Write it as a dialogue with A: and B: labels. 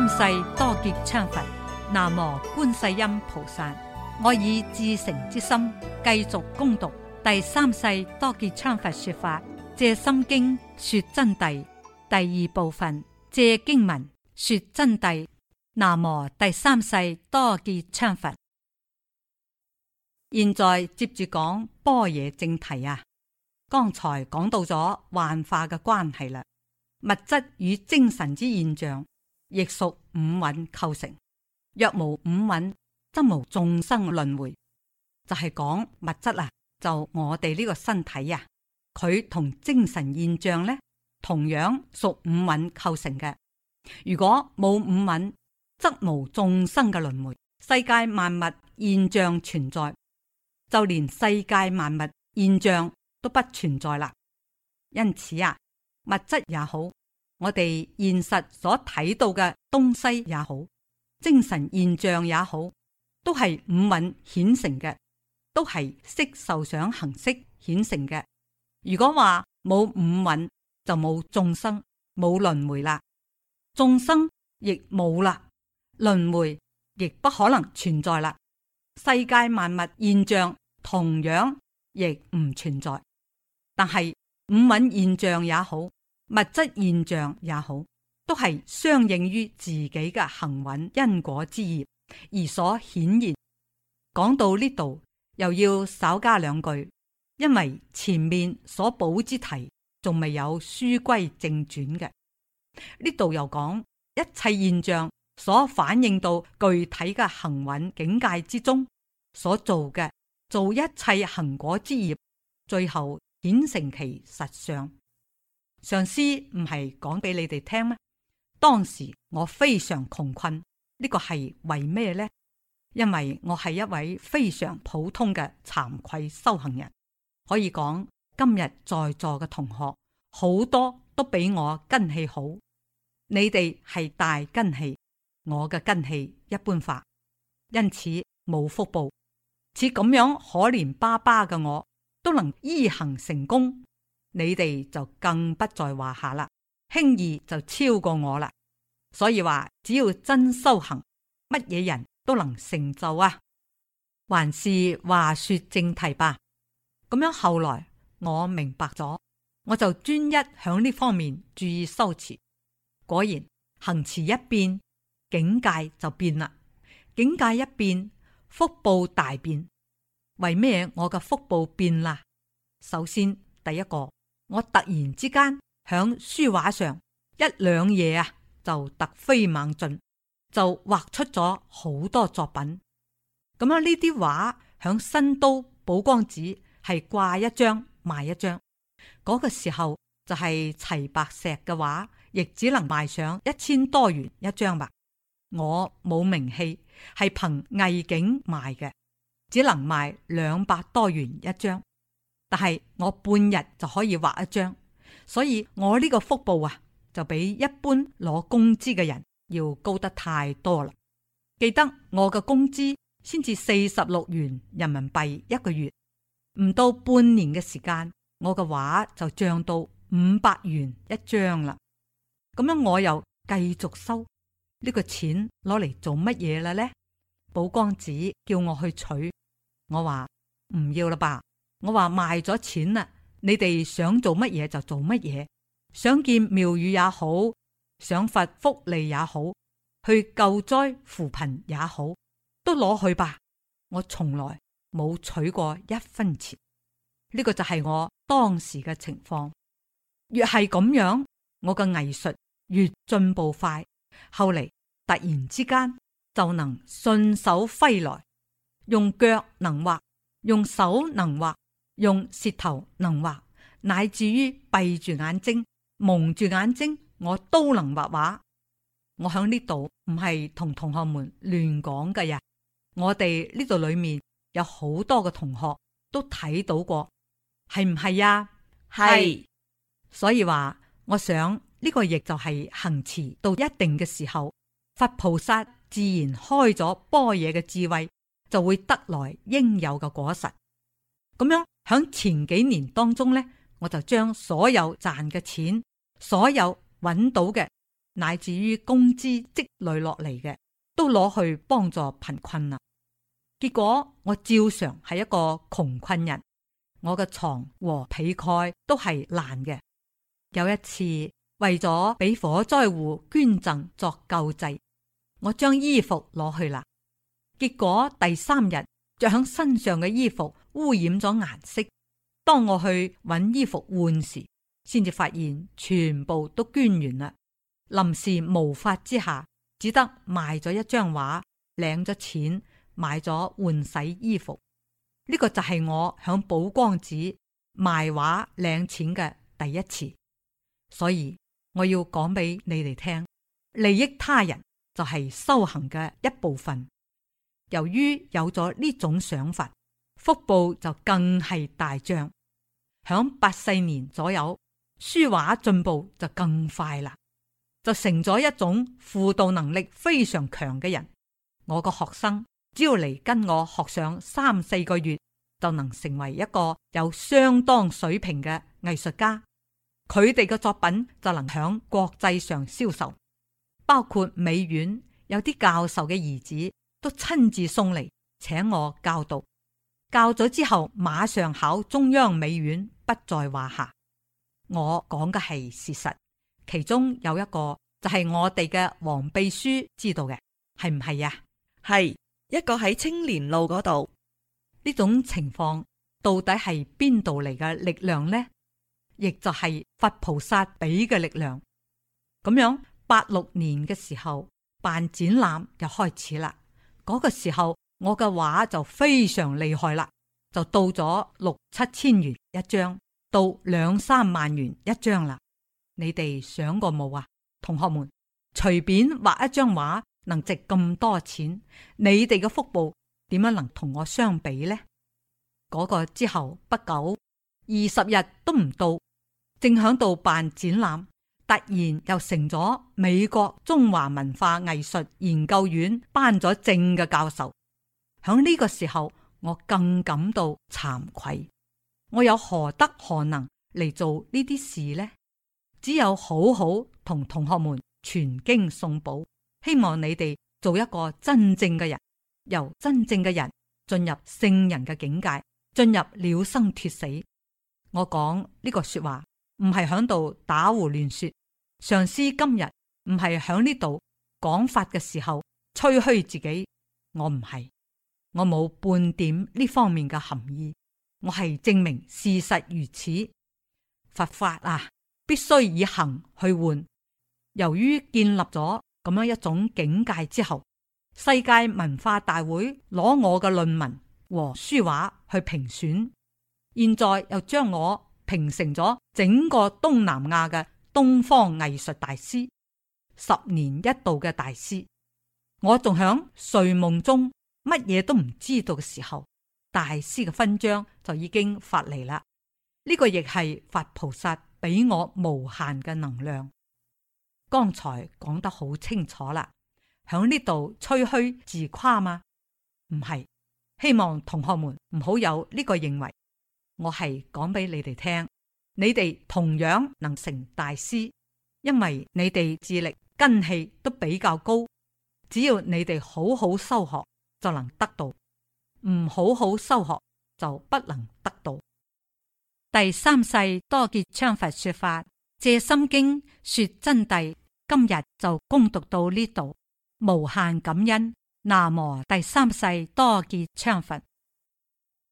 A: 三世多杰羌佛，南無觀世音菩薩。我以至誠之心繼續恭讀第三世多杰羌佛說法《借心經說真諦》第二部分《借經文說真諦》，南無第三世多杰羌佛。現在接住講般若正題啊！剛才講到咗幻化嘅關係啦，物質與精神之現象。亦屬五蘊構成，若無五蘊，則無眾生輪迴。就係講物質啊，就我哋呢個身體啊，佢同精神現象呢，同樣屬五蘊構成嘅。如果冇五蘊，則無眾生嘅輪迴。世界萬物現象存在，就連世界萬物現象都不存在啦。因此啊，物質也好。我哋現實所睇到嘅東西也好，精神現象也好，都係五蘊顯成嘅，都係色受想行識顯成嘅。如果話冇五蘊，就冇眾生，冇輪迴啦，眾生亦冇啦，輪迴亦不可能存在啦。世界萬物現象同樣亦唔存在，但係五蘊現象也好。物質現象也好，都係相應於自己嘅行運因果之業而所顯現。講到呢度，又要稍加兩句，因為前面所補之題仲未有書歸正傳嘅。呢度又講一切現象所反映到具體嘅行運境界之中所做嘅做一切行果之業，最後顯成其實相。上司唔係講俾你哋聽咩？當時我非常窮困，呢個係為咩呢？因為我係一位非常普通嘅慚愧修行人，可以講今日在座嘅同學好多都比我根氣好，你哋係大根氣，我嘅根氣一般化，因此冇福報。似咁樣可憐巴巴嘅我，都能依行成功。你哋就更不在話下啦，輕易就超過我啦。所以話只要真修行，乜嘢人都能成就啊。還是話說正題吧。咁樣後來我明白咗，我就專一響呢方面注意修持。果然行持一變，境界就變啦。境界一變，福報大變。為咩我嘅福報變啦？首先第一個。我突然之間響書畫上一兩夜啊，就突飛猛進，就畫出咗好多作品。咁樣呢啲畫響新都寶光寺係掛一張賣一張，嗰、那個時候就係、是、齊白石嘅畫，亦只能賣上一千多元一張吧。我冇名氣，係憑藝境賣嘅，只能賣兩百多元一張。但係我半日就可以畫一張，所以我呢個福報啊，就比一般攞工資嘅人要高得太多啦。記得我嘅工資先至四十六元人民幣一個月，唔到半年嘅時間，我嘅畫就漲到五百元一張啦。咁樣我又繼續收呢、這個錢呢，攞嚟做乜嘢啦？呢寶光紙叫我去取，我話唔要啦吧。我話賣咗錢啦，你哋想做乜嘢就做乜嘢，想建廟宇也好，想發福利也好，去救災扶貧也好，都攞去吧。我從來冇取過一分錢，呢個就係我當時嘅情況。越係咁樣，我嘅藝術越進步快。後嚟突然之間就能順手揮來，用腳能畫，用手能畫。用舌頭能畫，乃至於閉住眼睛，蒙住眼睛，我都能畫畫。我響呢度唔係同同學們亂講嘅呀。我哋呢度裏面有好多嘅同學都睇到過，係唔係呀？係是，所以話，我想呢個亦就係行持到一定嘅時候，佛菩薩自然開咗般若嘅智慧，就會得來應有嘅果實，咁樣。響前幾年當中呢，我就將所有賺嘅錢、所有揾到嘅，乃至於工資積累落嚟嘅，都攞去幫助貧困啦。結果我照常係一個窮困人，我嘅床和被蓋都係爛嘅。有一次為咗俾火災戶捐贈作救濟，我將衣服攞去啦。結果第三日着響身上嘅衣服。污染咗顏色。當我去揾衣服換時，先至發現全部都捐完啦。臨時無法之下，只得賣咗一張畫，領咗錢，買咗換洗衣服。呢、這個就係我響寶光寺賣畫領錢嘅第一次。所以我要講俾你哋聽，利益他人就係修行嘅一部分。由於有咗呢種想法。福布就更係大漲，響八四年左右，書畫進步就更快啦，就成咗一種輔導能力非常強嘅人。我個學生只要嚟跟我學上三四個月，就能成為一個有相當水平嘅藝術家。佢哋嘅作品就能響國際上銷售，包括美院有啲教授嘅兒子都親自送嚟請我教導。教咗之後，馬上考中央美院，不在話下。我講嘅係事實，其中有一個就係、是、我哋嘅黃秘書知道嘅，係唔係呀？係一個喺青年路嗰度。呢種情況，到底係邊度嚟嘅力量呢？亦就係佛菩薩俾嘅力量。咁樣，八六年嘅時候，辦展覽就開始啦。嗰、那個時候。我嘅畫就非常厲害啦，就到咗六七千元一張，到兩三萬元一張啦。你哋想過冇啊？同學們隨便畫一張畫能值咁多錢？你哋嘅福報點樣能同我相比呢？嗰、那個之後不久，二十日都唔到，正響度辦展覽，突然又成咗美國中華文化藝術研究院頒咗證嘅教授。響呢個時候，我更感到慚愧。我有何德何能嚟做呢啲事呢？只有好好同同學們傳經送寶，希望你哋做一個真正嘅人，由真正嘅人進入聖人嘅境界，進入了生脱死。我講呢個說話唔係響度打胡亂說。上師今日唔係響呢度講法嘅時候吹噓自己，我唔係。我冇半點呢方面嘅含義，我係證明事實如此。佛法啊，必須以行去換。由於建立咗咁樣一種境界之後，世界文化大會攞我嘅論文和書畫去評選，現在又將我評成咗整個東南亞嘅東方藝術大師，十年一度嘅大師。我仲響睡夢中。乜嘢都唔知道嘅時候，大師嘅勳章就已經發嚟啦。呢個亦係佛菩薩俾我無限嘅能量。剛才講得好清楚啦，響呢度吹噓自誇嘛，唔係。希望同學們唔好有呢個認為。我係講俾你哋聽，你哋同樣能成大師，因為你哋智力根氣都比較高，只要你哋好好修學。就能得到，唔好好修學就不能得到。第三世多杰羌佛說法《藉心經》說真諦，今日就恭讀到呢度，無限感恩。南無第三世多杰羌佛。